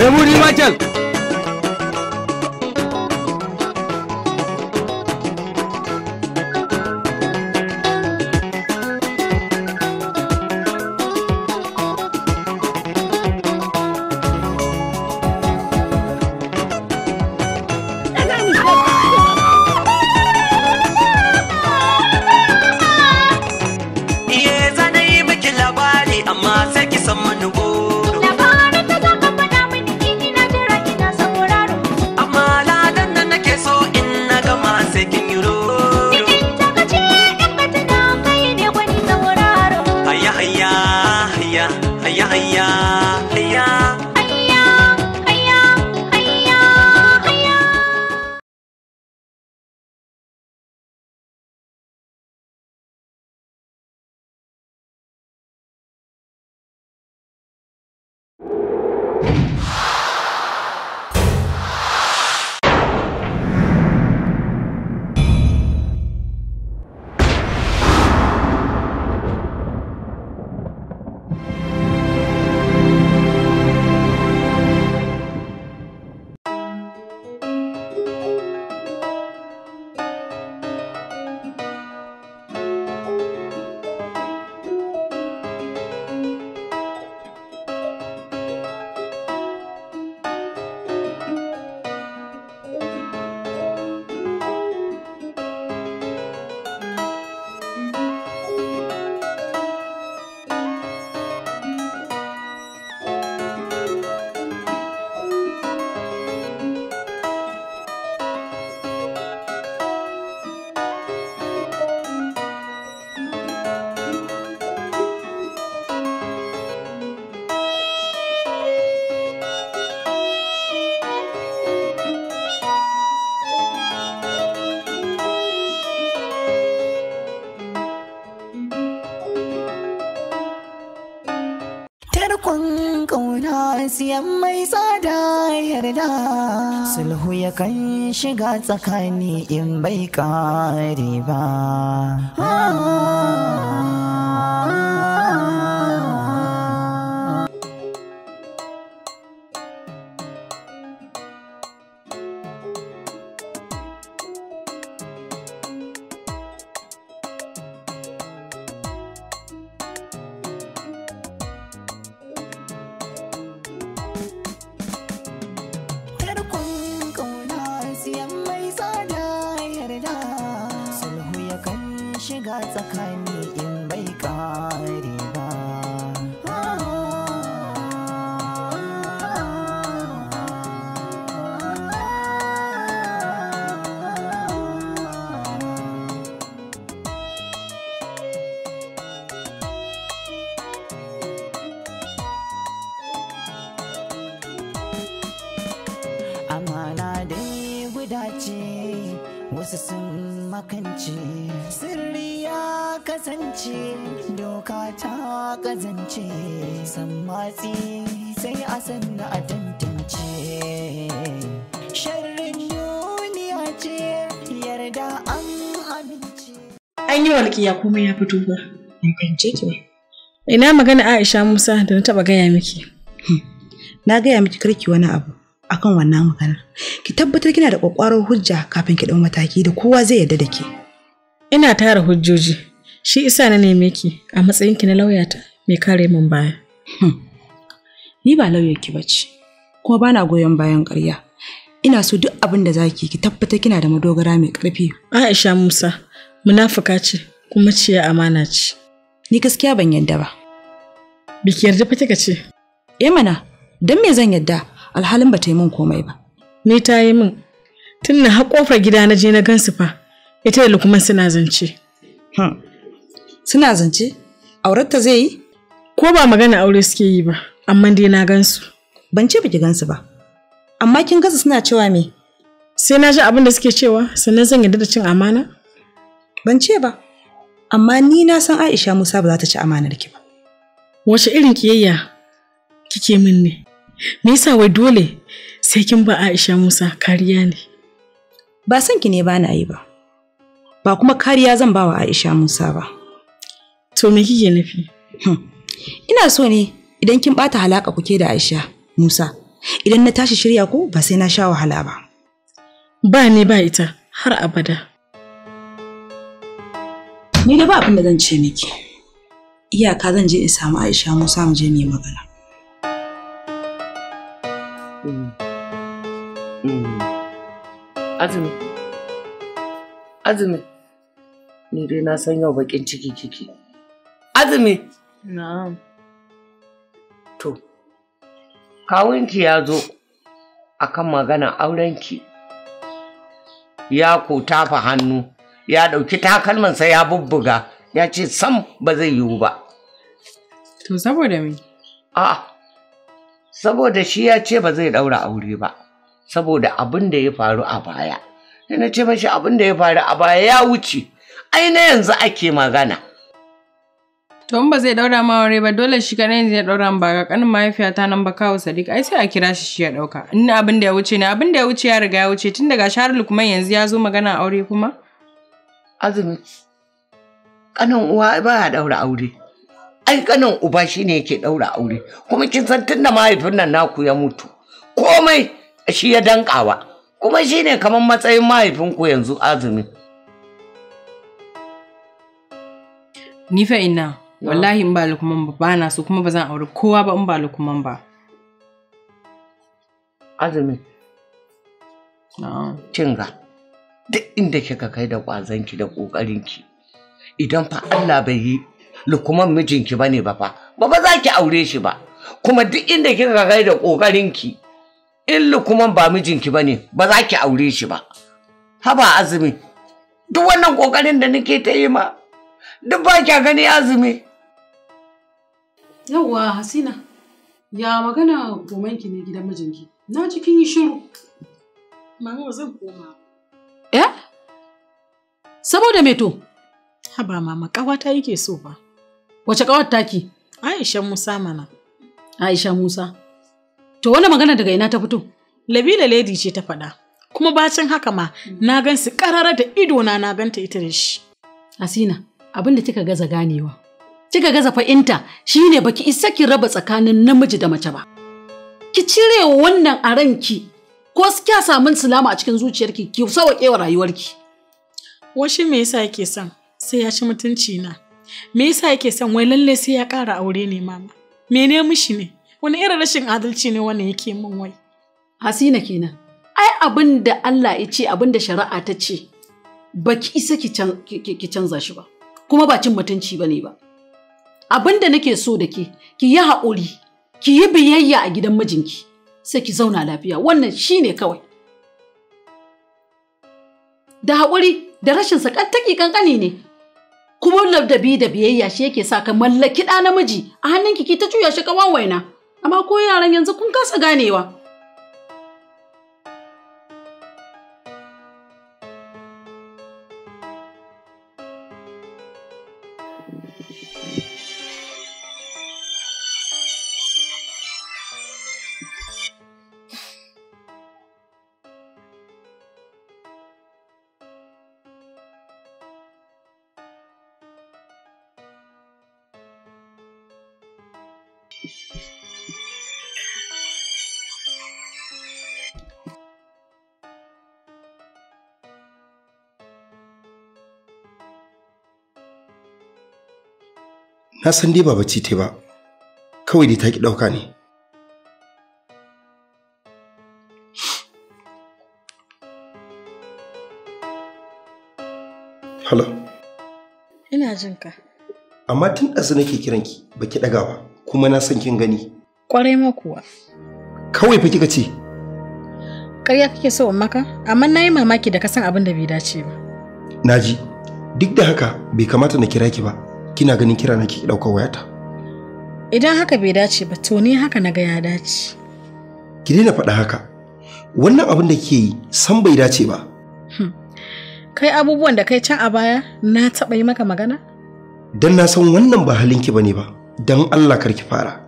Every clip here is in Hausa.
रेमू Himachal shiga tsakani in bai kare ba. wasu sun makance sirri ya kasance doka ta kazance san matsi sai a sanna a tantance sharrin duniya ce yarda an amince an yi walƙiya kuma ya fito ba in fahimce ki ba ina magana Aisha Musa da na taba gaya miki hmm. na gaya miki karki wani abu akan wannan magana ki tabbatar kina da kwakwaron hujja kafin ki ɗau mataki da kowa zai yarda da ke ina tara hujjoji shi isa na neme ki a matsayin ki na lauyata mai kare min baya hmm. ni ba lauyar ki ce, kuma ba na goyon bayan ƙarya ina so duk abin da zaki ki tabbatar kina da madogara mai ƙarfi Aisha Musa munafuka ce kuma ciya amana ce ni gaskiya ban yarda ba biki yarda fa kika ce eh mana dan me zan yarda alhalin ba ta yi min komai ba. Ni ta yi min tun na har kofar gida na je na gan su fa ita da lukman suna zance. Suna zance? ta zai yi? Ko ba magana aure suke yi ba, amma dai na gan su. Ban ce baki gan su ba. Amma kin gasa suna cewa me? Sai na ji abin da suke cewa sannan zan yarda da cin amana? Ban ce ba. Amma ni na san Aisha Musa ba za ta ci amanar ki ba. Wace irin kiyayya kike min ne? me yasa wai dole sai kin ba Aisha Musa kariya ne ba san ki ne ba na yi ba ba kuma kariya zan ba wa Aisha Musa ba to me kike nufi hmm. ina so ne idan kin bata halaka kuke da Aisha Musa idan na tashi shirya ko ba sai na sha wahala ba ba ne ba ita har abada ni da ba abin da zan ce miki iyaka zan je in samu Aisha Musa mu je mu yi magana azumi azumi ni dai na san yau bakin ciki kiki azumi na'am to kawunki ya zo akan magana aurenki ya ko tafa hannu ya ɗauki takalmansa ya bubbuga ya ce sam ba zai yiwu ba to saboda me a'a saboda shi ya ce ba zai ɗaura aure ba saboda abin da ya faru a baya sai na ce mashi abin da ya faru a baya ya wuce ai na yanzu ake magana to ba zai daura ma aure ba dole shi kana yanzu ya daura ba ga kanin mahaifiyata nan ba kawo sadiq ai sai a kira shi shi ya dauka in abin da ya wuce ne abin da ya wuce ya riga ya wuce tun daga shahar lukman yanzu ya zo magana aure kuma azumi kanin uwa ba ya daura aure ai kanin uba shine yake daura aure kuma kin san tun da mahaifin nan naku ya mutu komai shi ya dankawa kuma shi ne kamar matsayin mahaifinku yanzu azumi ni fa ina wallahi in ba lukuman ba bana so kuma ba zan aure kowa ba in ba lukuman ba azumi ga, duk inda kika kai da ƙwazanki da ƙoƙarinki idan fa Allah bai yi lukuman mijinki ba ne ba fa ba ba za ki aure shi ba kuma duk inda kika kai da ƙoƙarinki in lukuman ba mijinki ba ne ba za ki aure shi ba haba azumi duk wannan ƙoƙarin da nake ta yi ma duk ba kya gani azumi yawwa hasina ya magana gomanki ne gidan mijinki na cikin yi shiru mama zan koma eh saboda me to haba mama ƙawata yake so ba wace ƙawar taki aisha musa mana aisha musa To wani magana daga ina ta fito? Labila lady ce ta faɗa. Kuma bacin haka ma hmm. na gan su ƙarara da idona na ganta ita da shi. Asina, abin da kika gaza ganewa. Kika gaza fa'inta shine baki isa ki raba tsakanin namiji da mace ba. Ki cire wannan a ranki ko su kya samun silama a cikin zuciyarki ki sauƙe wa rayuwarki. Washi me yasa yake son sai ya ci mutunci na? Me yasa yake son wai lalle sai ya kara aure ne mama? Mene mishi ne? wani irin rashin adalci ne wannan yake min wai hasina kenan ai abin da Allah ya ce abin da shari'a ta ce ba ki isa ki canza shi ba kuma ba cin mutunci ba ne ba abin da nake so da ke ki yi haƙuri ki yi biyayya a gidan mijinki sai ki zauna lafiya wannan shi ne kawai da haƙuri da rashin sakantaki kankani ne kuma labdabi da biyayya shi yake sa ka mallaki ɗa namiji a hannunki ki ta juya shi kawan waina amma ko yaran yanzu kun kasa ganewa Thank you. ka san dai ba bacci ta ba kawai dai ta ki ɗauka ne Hello. Ina jin ka. Amma tun ɗazu nake kiranki baki ɗaga ba kuma na san kin gani. Ƙwarai ma kuwa. Kawai fa kika ce. Ƙarya kake so in maka amma na yi mamaki da ka san abin da bai dace ba. Na ji duk da haka bai kamata na kira ki ba kina ganin kira na ki ɗaukar wayata idan haka bai dace ba to ni haka na ga ya dace ki daina faɗa haka wannan abin da ke yi san bai dace ba hmm. kai abubuwan da kai can a baya na taɓa yi maka magana dan na san wannan ba halinki ba ne ba don allah kar ki fara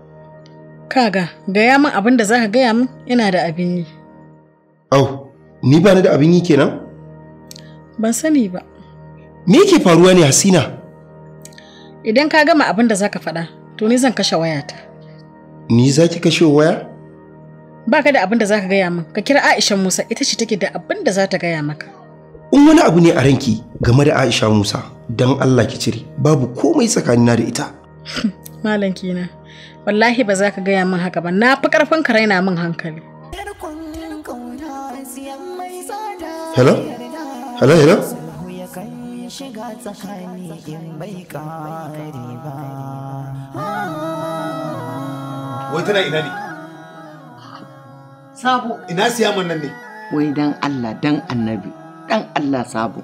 kaga gaya min abin da za ka gaya min ina da abin yi au ni ba ni da abin yi kenan ban sani ba me yake faruwa ne hasina Idan ka gama abin da zaka faɗa, to ni zan kashe wayata. Ni za kashe waya? Ba ka da abin da zaka gaya min, ka kira Aisha Musa ita ce take da abin da za ta gaya maka. In wani abu ne a ranki game da Aisha Musa, don Allah ki cire, babu komai tsakanina da ita. Malam kina, wallahi ba za ka gaya min haka ba, na fi ƙarfin ka raina min hankali. Hello? Hello, hello? tsakani in bai kari ba wai tana ina ne sabo ina siyaman nan ne wai dan Allah dan annabi dan Allah sabo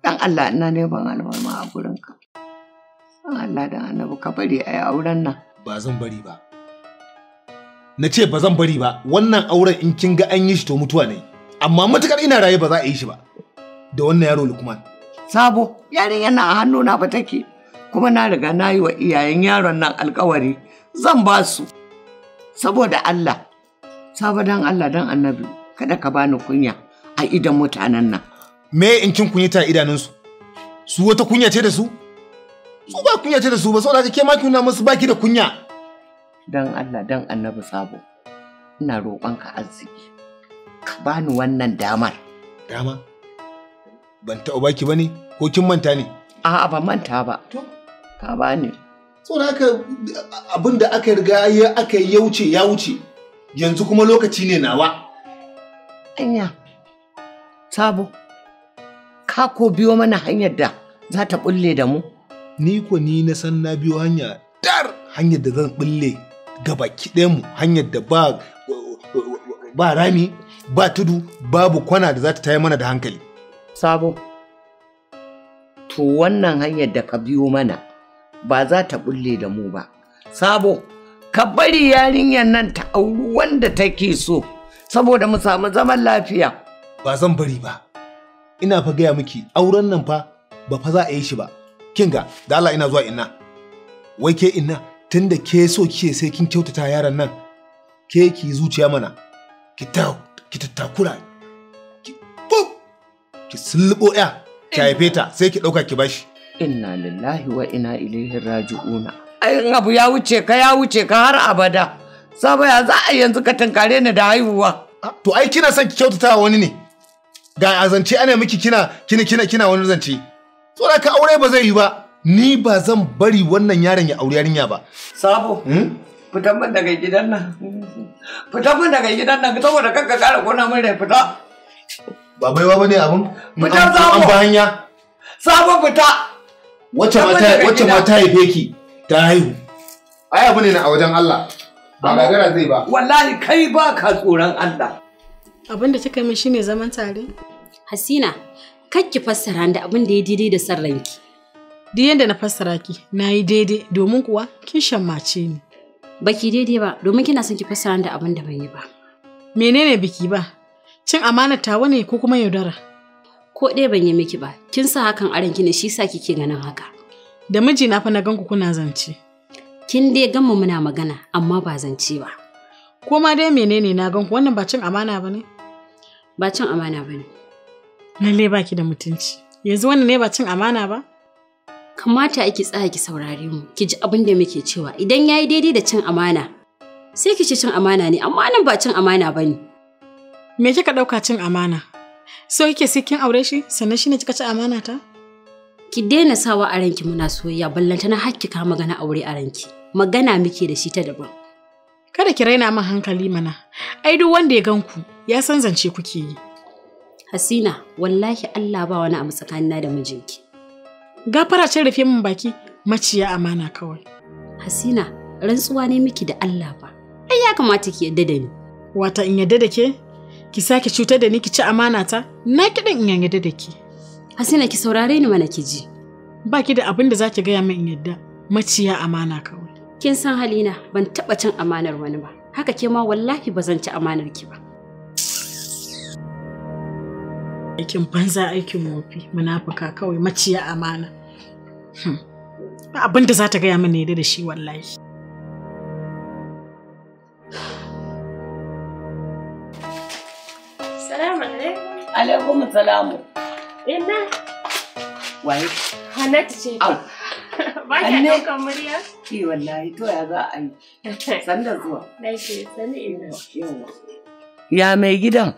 dan Allah ina neman alfarma a gurinka dan Allah dan annabi ka bari a yi auren nan ba zan bari ba na ce ba zan bari ba wannan auren in kin ga an yi shi to mutuwa ne amma matukar ina raye ba za a yi shi ba da wannan yaro lukman sabo yarin yana hannu na ba take kuma na riga na yi wa iyayen yaron nan alkawari zan ba su saboda Allah sabo dan Allah dan annabi kada ka bani kunya a idan mutanen nan me in kin ta idanunsu su wata kunya ce da su su ba kunya ce da su ba saboda ke ma kuna musu baki da kunya dan Allah dan annabi sabo ina roƙonka arziki ka bani wannan damar dama ban taɓa baki ba ne ko kin manta ne? A'a ba manta ba. Ka ba ne. da haka abin da aka riga ya aka ya wuce ya wuce yanzu kuma lokaci ne nawa. Anya, sabo, ka ko biyo mana hanyar da za ta bulle da mu? Ni ko ni na san na biyo hanya dar hanyar da zan bulle ga gaba mu hanyar da ba rami ba tudu babu kwana da za ta taya mana da hankali. sabo to wannan hanyar da ka biyo mana ba za ta bulle da mu ba sabo ka bari yarinyar nan ta auri wanda take so saboda mu samu zaman lafiya ba zan bari ba ina fa gaya miki auren nan fa ba fa za a yi shi ba kinga da Allah ina zuwa inna wai ke inna tunda ke so kike sai kin kyautata yaran nan ke ki zuciya mana ki ta ki tattakura ki sulbo ya ki haife ta sai ki ɗauka ki bashi. Inna lillahi wa ina ilaihi raji'una. Ai abu ya wuce ka ya wuce ka har abada. saboda ya za a yanzu ka tankare ni da haihuwa. To ai kina son ki kyautata wani ne. Ga a zance ana miki kina kina kina kina wani zance. Tsora ka aure ba zai yi ba. Ni ba zan bari wannan yaron ya auri yarinya ba. Sabo. Hmm? Fitan min daga gidan nan. Fitan min daga gidan nan saboda kanka kara kona min rai fita. ba baiwa ba ne abin an ba hanya sabon fita wacce mata wacce mata haife ki ta haihu ai abu ne na a wajen Allah ba gagara zai ba wallahi kai ba ka tsoron Allah abin da kika min shine zaman tare Hasina kakki ki fassara da abin da ya daidai da san ranki duk yanda na fassara ki na yi daidai domin kuwa kin shammace ni baki daidai ba domin kina son ki fassara da abin da ban yi ba menene biki ba Cin amana tawa ne ko kuma yaudara? Ko ɗaya ban yi miki ba, kin sa hakan aron ki ne shi sa kike ganin haka. Da miji na fa na gan ku kuna zance. Kin dai gama muna magana amma ba zance ba. Ko ma dai menene na gan ku wannan ba cin amana ba ne? Ba cin amana ba ne. Lalle ba ki da mutunci. Yanzu wannan ne ba cin amana ba? Kamata ki tsaya ki saurare mu, ki ji abin da muke cewa idan yayi daidai da cin amana. Sai ki ci cin amana ne, amma nan ba cin amana ba ne. Me kika ɗauka cin amana? So kike sai kin aure shi sannan shine kika ci amana ta? Ki daina sawa a ranki muna soyayya ballanta na hakki ka magana aure a ranki. Magana muke da shi ta daban. Kada ki raina min hankali mana. Ai duk wanda ya ganku ya san zance kuke yi. Hasina, wallahi Allah ba wani abu tsakanina da mijinki. Gafara ce rufe min baki maciya amana kawai. Hasina, rantsuwa ne miki da Allah ba. Ai ya kamata ki yadda da ni. Wata in yadda da ke? ki sake cutar da ni ki ci amana ta na kiɗan in yarda da ki hasina ki saurare ni mana ki ji ba ki da abin da zaki ki gaya min in yadda maciya amana kawai kin san halina ban taɓa cin amanar wani ba haka ke ma wallahi ba zan ci amanar ki ba aikin banza aikin mofi munafuka kawai maciya amana hmm. abin da za ta gaya min yadda da shi wallahi alaikum salamu. Ina. Waye? Hannatu ce. Au. Ba ka ki ɗaukan murya? Ki wallahi to ya za a yi. San da zuwa. Lafiya sani ina. Ya mai gidan?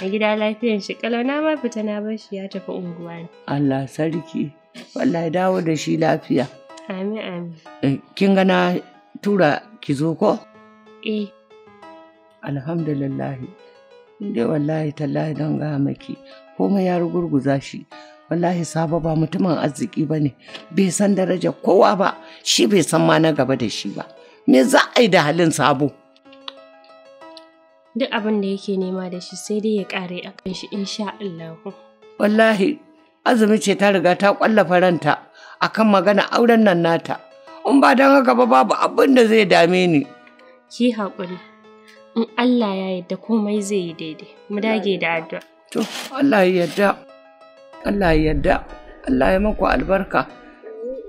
A gida lafiyan shi kalau na ma fita na bar shi ya tafi unguwa ne. Allah sarki. Wallahi dawo da shi lafiya. Amin amin. Eh, kin ga na tura ki zo ko? Eh. Alhamdulillah. dai wallahi tallahi don ga maki komai ya rugurguza shi wallahi sabo ba mutumin arziki ba ne bai san daraja kowa ba shi bai san ma na gaba da shi ba me za a yi da halin sabo duk abin da yake nema da shi sai dai ya kare a kan shi insha Allah wallahi azumi ce ta riga ta kwallafa ranta akan magana auren nan nata in ba don haka ba babu abin da zai dame ni ki haƙuri in Allah ya yarda komai zai yi daidai mu dage da addu'a to Allah ya yarda Allah ya yarda Allah ya maku albarka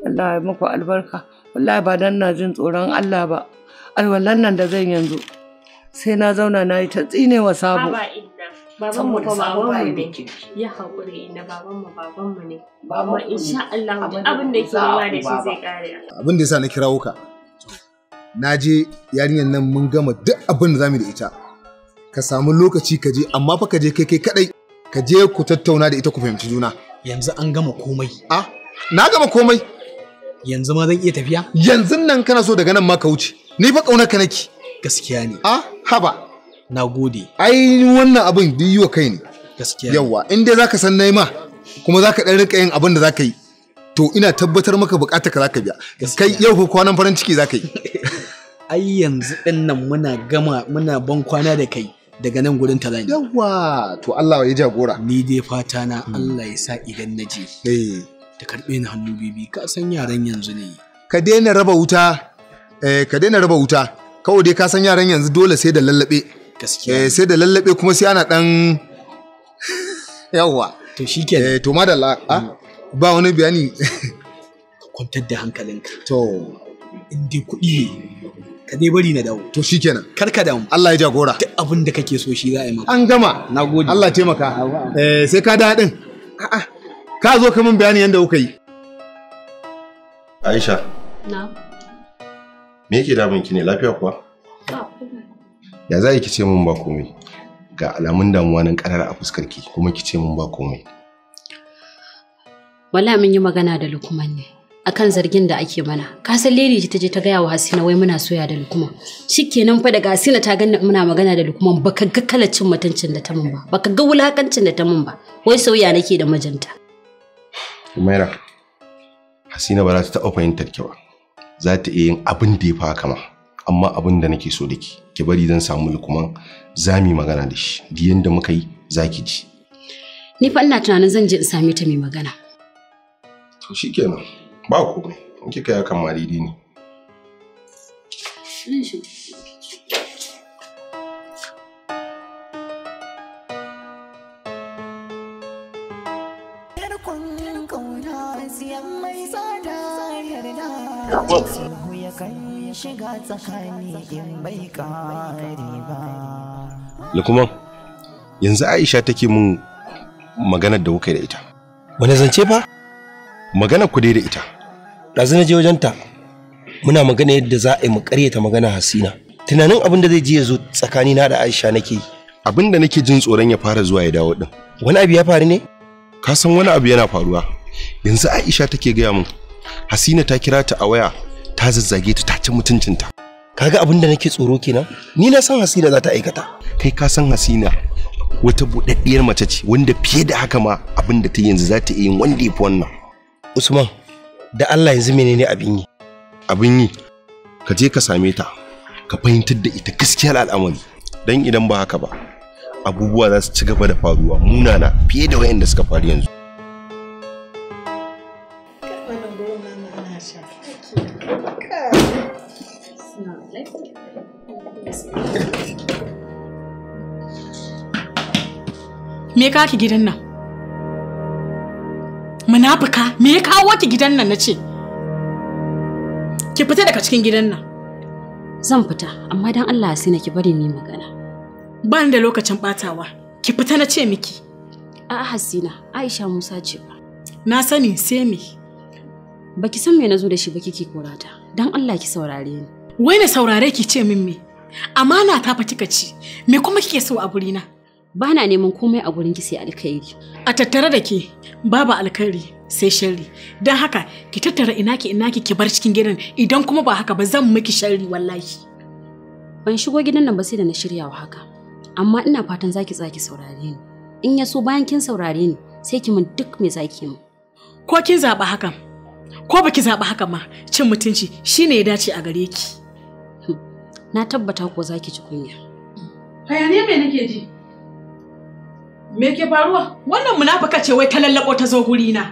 Allah ya maku albarka wallahi ba dan na jin tsoron Allah ba alwallan nan da zan yanzu sai na zauna na yi ta tsinewa sabo baban mu babanmu baban mu ne ya haƙuri inda baban mu baban mu ne baban insha Allah abin da yi nuna da shi zai kare abin da yasa na kirawo ka na je yarinyar nan mun gama duk abin da zamu da ita ka samu lokaci ka je amma fa ka je kai kai kadai ka je ku tattauna da ita ku fahimci juna yanzu an gama komai a na gama komai yanzu ma zan iya tafiya yanzu nan kana so daga nan ma ka wuce ni fa kauna ka nake gaskiya ne a haba na gode ai wannan abin duk yiwa kai ne gaskiya yawa in dai zaka san nai ma kuma zaka dan rika yin abin da zaka yi to ina tabbatar maka bukatar ka zaka biya kai yau ko kwanan farin ciki zaka yi ai yanzu ɗin nan muna gama muna ban kwana da kai daga nan gurin talani. Yawwa yawa to Allah ya jagora ni dai fata na hmm. Allah ya sa idan na je eh. ta karɓe ni hannu bibi ka san yaran yanzu ne ka daina raba wuta eh, ka daina raba wuta kawai dai ka san yaran yanzu dole sai da lallabe gaskiya eh, sai da lallabe kuma sai ana ɗan yawwa. to shikenan eh to madalla ah, hmm. ba wani bayani kwantar da hankalinka to in dai kuɗi ne ka dai bari na dawo to shikenan kar ka damu Allah ya jagora duk abin da kake so shi za a yi maka an gama nagode Allah taimaka eh sai ka da hadin a'a ka zo ka min bayani yanda kuka yi Aisha na me yake damun ki ne lafiya kuwa ya za ki ce mun ba komai ga alamun damuwa nan karar a fuskar ki kuma ki ce mun ba komai wallahi mun yi magana da lukuman ne akan zargin da ake mana ka san leli ta taje ta gaya wa hasina wai muna soya da lukuma shikenan fa daga hasina ta ganna muna magana da lukuman baka ga kalacin mutuncin da ta mun ba baka ga wulakancin da ta mun ba wai soya nake da mijinta Umaira Hasina ba za ta taɓa fahimtar ki ba za ta iya yin abin da ya fa kama amma abin da nake so da ki ki bari zan samu lukuman zami magana da shi diyan da muka yi za ki ji ni fa ina tunanin zan je in same ta mai magana to shikenan ba komai in kika yakan ma ne Lukuman, yanzu Aisha take mun maganar da kuka da ita. Wane zance fa? magana ku dai da ita ɗazu na je wajenta muna magana yadda za a yi mu ƙaryata magana hasina tunanin abin da zai je ya zo tsakani na da aisha nake yi abin da nake jin tsoron ya fara zuwa ya dawo din wani abu ya faru ne ka san wani abu yana faruwa yanzu aisha take gaya min hasina ta kira ta a waya ta zazzage ta ta ci mutuncinta kaga abin da nake tsoro kenan ni na san hasina za ta aikata kai ka san hasina wata buɗaɗɗiyar mace ce wanda fiye da haka ma abin da ta yanzu za ta yi wanda ya fi wannan Usman, da Allah yanzu menene abin yi? Abin yi, ka je ka same ta, ka fahimtar da ita gaskiyar al'amari. Don idan ba haka ba, abubuwa za su ci gaba da faruwa munana fiye da wayanda suka faru yanzu. Me ka ki gidan nan? munafuka me ya kawo ki gidan nan nace ki fita daga cikin gidan nan zan fita amma dan Allah sai na ki bari ni magana ba da lokacin batawa ki fita nace ce miki a'a Hasina Aisha Musa ce ba na sani sai me baki san me nazo da shi ba kike korata dan Allah ki saurare ni wai na saurare ki ce min me amana ta fa kika ci me kuma kike so a burina ba na neman komai a gurin ki sai alkhairi. A tattare da ke babu alkhairi sai sharri. Don haka ki tattara ina ki ina ki bar cikin gidan idan kuma ba haka ba zan miki sharri wallahi. Ban shigo gidan nan ba sai da na shirya wa haka. Amma ina fatan zaki tsaki saurare ni. In ya so bayan kin saurare ni sai ki min duk me zaki min. Ko kin zaɓi hakan ko baki zaɓi haka ma cin mutunci shine ya dace a gare ki. Hm, na tabbata ko zaki ji kunya. Hayaniya me nake ji? Me ke faruwa? Wannan munafuka ce wai ta lallabo ta zo guri na.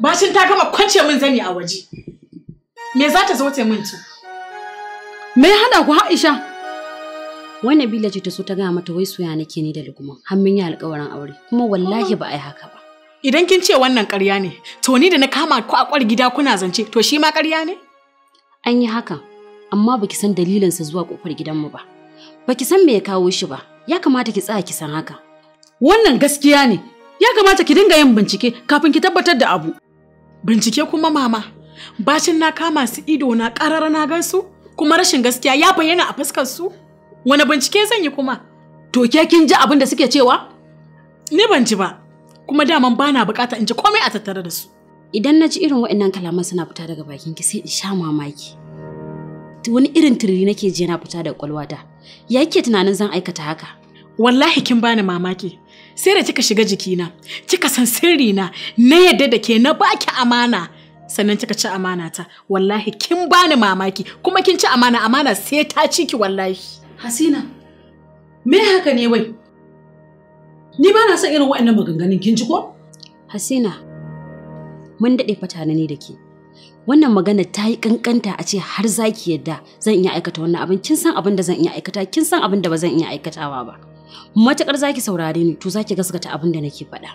Bashin ta gama kwance min zani a waje. Me za ta zo ta min Me ya hada ku Aisha? Wannan Bila ce ta so ta gaya mata wai suya nake ni da Lukman. Har mun yi alƙawarin aure kuma wallahi ba a yi haka ba. Idan kin ce wannan ƙarya ne, to ni da na kama ku a kwar gida kuna zance, to shi ma ƙarya ne? An yi haka, amma baki san dalilinsa zuwa ƙofar gidanmu ba. Baki san me ya kawo shi ba. ya kamata ki tsaya ki san haka. Wannan gaskiya ne, ya kamata ki dinga yin bincike kafin ki tabbatar da abu. Bincike kuma mama, bacin na kama su ido na ƙarara na gan su, kuma rashin gaskiya ya bayyana a fuskar su. Wani bincike zan yi kuma? To ke kin ji abin da suke cewa? Ni ban ji ba, kuma daman na bukata in ji komai a tattare da su. Idan na ji irin waɗannan kalaman suna fita daga bakin ki sai in sha mamaki. wani irin tiriri nake je na fita da kwalwata ya ke tunanin zan aikata haka wallahi kin bani mamaki sai da kika shiga jikina kika san sirri na na yadda da ke na baki amana sannan kika ci amana ta wallahi kin bani mamaki kuma kin ci amana amana sai ta ci ki wallahi hasina me haka ne wai ni ba na son irin waɗannan maganganun kin ji ko hasina mun daɗe fata ne da ke wannan magana ta yi kankanta a ce har za ki yadda zan iya aikata wannan abin kin san abin da zan iya aikata kin san abin da ba zan iya aikatawa ba matakar zaki saurare ni to zaki gaskata abin da nake faɗa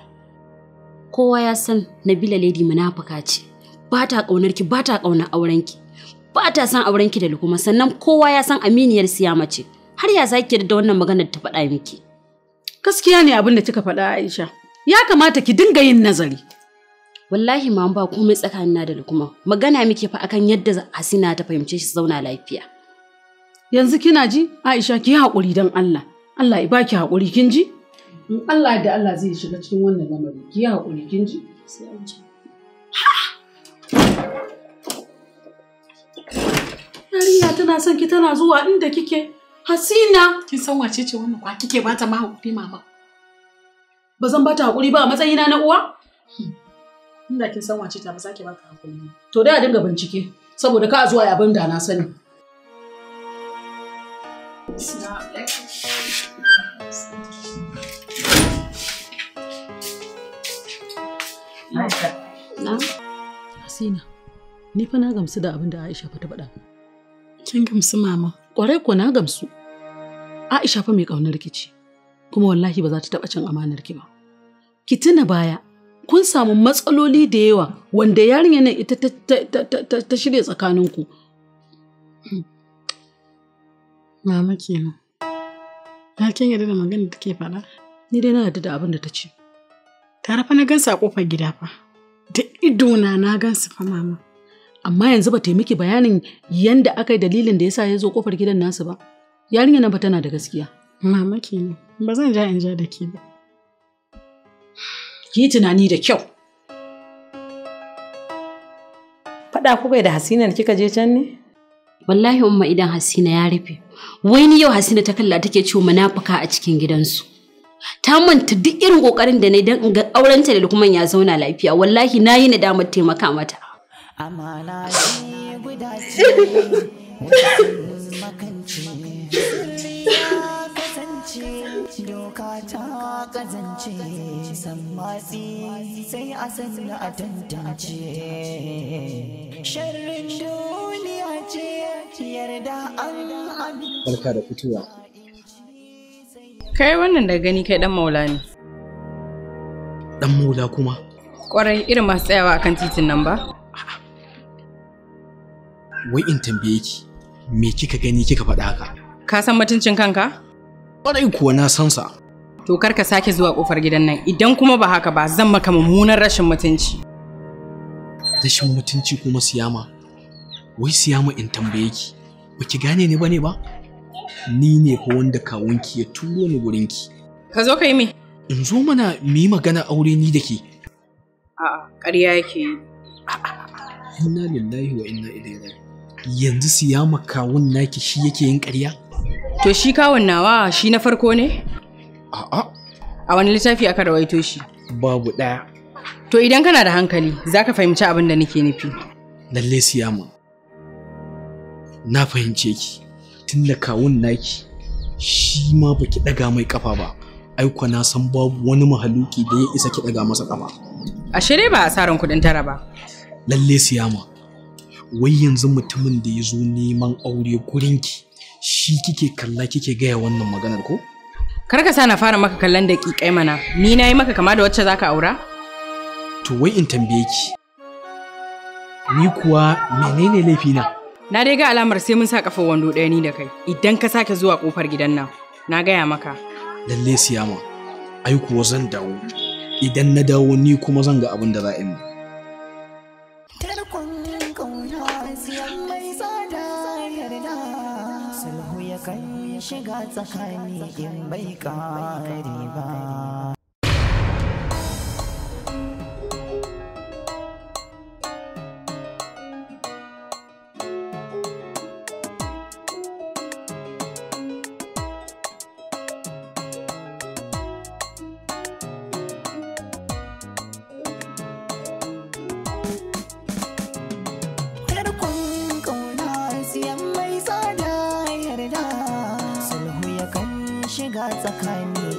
kowa ya san Nabila Lady munafuka ce ba ta kaunar ki ba ta kaunar auren ki ba ta san auren ki da lukuma sannan kowa ya san aminiyar siyama ce har ya zaki yadda wannan maganar ta faɗa miki gaskiya ne abin da kika faɗa Aisha ya kamata ki dinga yin nazari wallahi ma ba komai tsakanina da lukuma magana muke fa akan yadda hasina ta fahimce shi zauna lafiya yanzu kina ji aisha ki haƙuri don allah allah ya baki haƙuri kin ji in allah da allah zai shiga cikin wannan lamari ki haƙuri kin ji yarinya tana son ki tana zuwa inda kike hasina kin san wace ce wannan kwa kike bata ma haƙuri mama ba zan bata haƙuri ba a matsayina na uwa hmm. inda kin san wace ta ba sake baka hakuri to da a dinga bincike saboda ka zuwa ya da na sani Hasina, ni fa na gamsu da abin da Aisha fa ta faɗa. Kin gamsu mama? Ƙwarai ko na gamsu. Aisha fa mai ƙaunar ki ce, kuma wallahi ba za ta taɓa cin amanar ki ba. Ki tuna baya kun samu matsaloli da yawa wanda yarinyar nan ita ta shirya tsakaninku. Hmm. Mama kenan. Na kin yarda da magana da take faɗa? Ni dai na yarda da abin da ta ce. Tare fa na gan sa kofar gida fa. Da idona na gan su fa mama. Amma yanzu ba ta yi miki bayanin yanda aka yi dalilin da yasa ya zo kofar gidan nasu ba. Yarinyar nan ba tana da gaskiya. Mama kenan. Ba zan ja in ja da ke ba. ki yi tunani da kyau faɗa kuka da hasina kika je can ne wallahi umma idan hasina ya rufe wai ni yau hasina ta kalla take ciwo munafuka a cikin gidansu ta manta duk irin kokarin da na yi don in ga aurenta da lukuman ya zauna lafiya wallahi na yi nadamar taimaka mata doka ta kazance sammatsi sai a sanna a tantance sharrin duniya ce yarda an amince barka da fitowa kai wannan da gani kai dan maula ne dan maula kuma kwarai irin masu tsayawa akan titin nan ba wai in tambaye ki me kika gani kika faɗa haka ka san mutuncin kanka Ƙwarai kuwa na san sa. To kar ka sake zuwa ƙofar gidan nan idan kuma ba haka ba zan maka mummunan rashin mutunci. Rashin mutunci kuma siyama. Wai siyama in tambaye ki. Ba ki gane ni bane ba? Ni ne ko wanda kawunki ya turo ni ki. Ka zo ka yi me? In zo mana mu yi magana aure ni da ke. A'a, ƙarya yake yi. Inna lillahi wa inna ilaihi yanzu siya kawun naki shi yake yin ƙarya? To shi kawon nawa shi na farko ne? A'a. A wani littafi aka rawaito shi? Babu ɗaya. To idan kana da hankali za ka fahimci abin da nake nufi. Lalle siyama. Na fahimce ki tun da kawun naki shi ma ba ki ɗaga mai ƙafa ba. Aiko na san babu wani mahaluki da ya isa ki ɗaga masa ƙafa. A shirye ba ran kuɗin tara ba. Lalle siyama. Wai yanzu mutumin da ya zo neman aure gurin ki. shi kike kalla kike gaya wannan maganar ko? Kar sa na fara maka kallon da ƙiƙai mana, ni na yi maka kama da wacce zaka aura? To wai in tambaye ki. Ni kuwa menene laifina? Na dai ga alamar sai mun sa kafa wando ɗaya ni da kai, idan ka sake zuwa ƙofar gidan nan, na gaya maka. Lalle siyama, ai kuwa zan dawo, idan na dawo ni kuma zan ga abin da za a yi tsakani in bai ƙari ba 在爱你。